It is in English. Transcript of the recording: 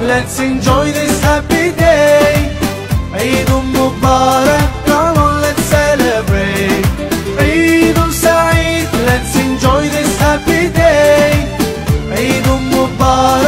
Let's enjoy this happy day Eid Mubarak, Come on let's celebrate Eid سعيد Let's enjoy this happy day Eid Mubarak.